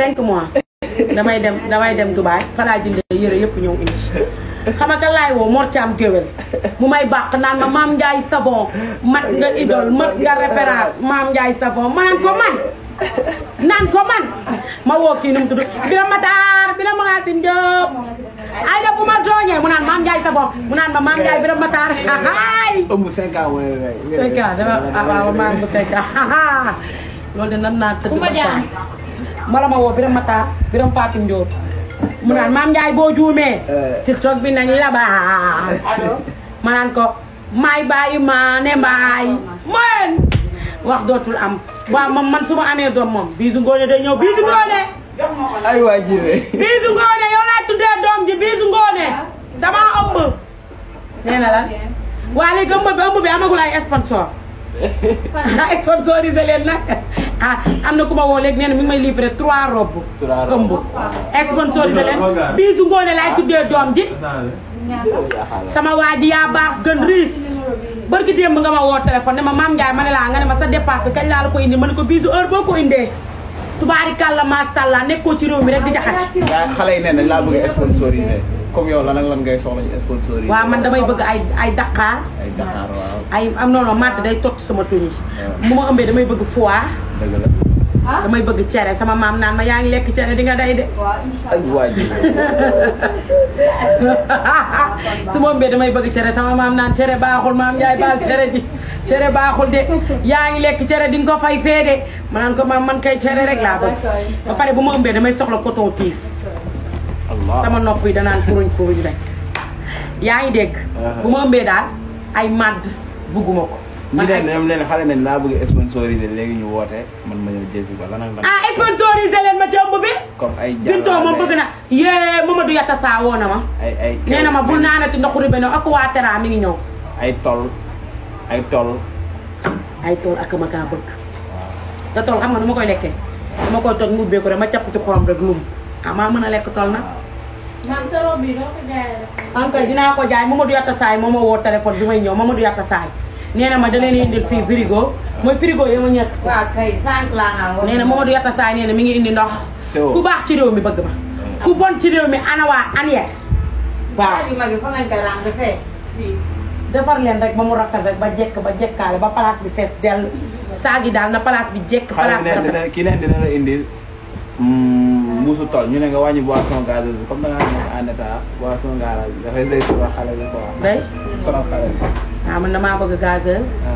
cinq mois damay dem damay dem Dubaay fa laa jëndee yëre yëpp ñëw indi xam nga kan laay woo Mor Thiam mu may bàq naan ma maam Ndiaye Savon mat nga idole mat nga référence maam Ndiaye Savon ma ko man naan ko man ma woo kii nu mu tudd Birame Matar Birame Magacine Diop ay da bu ma tooñee mu naan maam Ndiaye Savon mu naan ma Matar ay ans ans dama ah, ans de nan mala ma woo biram Matar biram Fatim Diop mu naan maam Ndiaye boo juumee. Eh. tiktok bi nañ la baal. ma naan ko may bàyyi maa ne mbaay mën wax dootul am waaw moom man su ma amee doom moom biisu ngoone day ñëw biisu ngoone. ay waa jiwe biisu ngoone yow laa tuddee doom ji biisu ngoone ah. damaa ëmb. nee na la waa léegi bi ëmb bi amagul ay sponsor ndax sponsoriser leen nag. ah am na ku ma woo léegi nee na mi ngi may livré trois robes. trois robes sponsorisé leen bisu ngoone laay tuddee doom ji. sama waa ji yaa gën riis barki démb nga ma téléphone ma nga ma sa la ko indi bisu heure boo ko indee. tubaarikàlla macha allah nekkoo ci réew mi rek di jaxase. waaw xale yi nee bëgg sponsorisé comme yow lan ak lan ngay soxla sponsorisé. man damay bëgg ay ay Dakar. ay Dakar waaw. ay am non non matt day toog sama tuñ mu ma damay bëgg dëgg la. ah damay bëgg cere sama maam naan ma yaa ngi lekk cere di nga day de. ay waay su ma mbee damay bëgg cere sama maam naan cere baaxul maam yaay baal cere ji cere baaxul de yaa ngi lekk cere di nga ko fay fee de ma naan ko maam man kay cere rek laa bëgg. ba pare bu ma mbee damay soxla coton tiis. sama nopp yi danaan kuruñ kuruñ rek. yaa ngi dégg. bu ma mbee daal ay madd bugguma ko. man ak ñoom leen xale nañ laa bëgg sponsorisé léegi ñu woote man ma ñëw jël si ko lan ak lan. ah sponsorisé leen ma jomb bi. comme ay jàllale moom bëgg na yee Mamadou Yatta saa woo na ma. ay ay nee na ma bu naanati ndoxu ribéno ak waa Tera mi ngi ñëw. ay tool ay tool. ay tool ak ma kaa bëgg. te tool xam nga nu ma koy lekkee. dama koy toj mu ubbee ko rek ma capp ci xorom rek lum ah maa mën a lekk tool nag. man sa robe bi doo ko jaayee rek. Ah, man kay dinaa ko jaay Mamadou Yatta Saay moo ma woo téléphone bi may ñëw Mamadou Yatta Saay. nee na ma da leen indil frigo mooy frigo yi ma ñett. waaw kay sànq laa naan nee na Mamadou na mi ngi indi nox ku baax ci réew mi bëgg ma. Ah. ku bon ci réew mi ana waa an yeek. defar leen rek ba mu rafet rek ba jekk ba jekkaale ba place bi fees dell. saagi daal na place bi jekk. place bi rafet ki ne dina la indil. Hmm. muusu tool ñu ne nga wàññi boisson gaz bi comme da ngaa nekk en état boisson gaz bi dafay day sonal xale bi quoi. day sonal xale bi. waaw ah, man damaa bëgg gaz. Ah.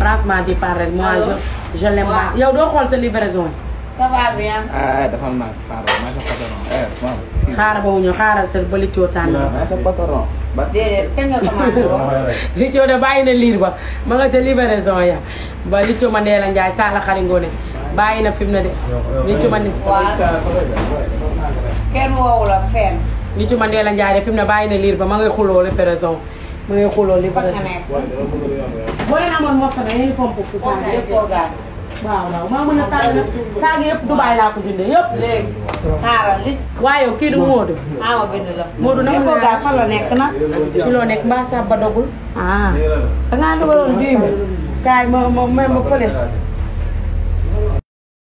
franchement di par rek moi je je l'aime pas yow doo xool sa livraison yi. ça va bien. ah, ah dafa naan xaaral maa ngi ko patron eh moom. xaaral boobu ñu xaaral sa ba li cootaan la. maa ngi ko patron. ba déedéet kenn nga commandé woon. li coo de bàyyi na liir ba ma nga ca livraison ya ba li coo ma Ndéla Ndiaye Sala Xari Ngone. bàyyi na fi mu ne de. ñu ci ma ni kenn woowu la fenn. ñu ci ma dee la njaaree fi mu ne bàyyi na liir ba ma ngay xuloo le péraison mu ngay xuloo li. fa nga nekk boo leen amoon mos a ne yéen pompe fu waaw waaw maa mën a tànn nag saag yëpp Dubaay laa ko bindee yëpp. léegi xaaral li. waaye kii du Moodu. maa ma bind la. Moodu nag mu ne fa la nekk nag. ci loo nekk mbaa Samba dogul. ah da ngaa dugaloon bii kaay ma ma ma fële.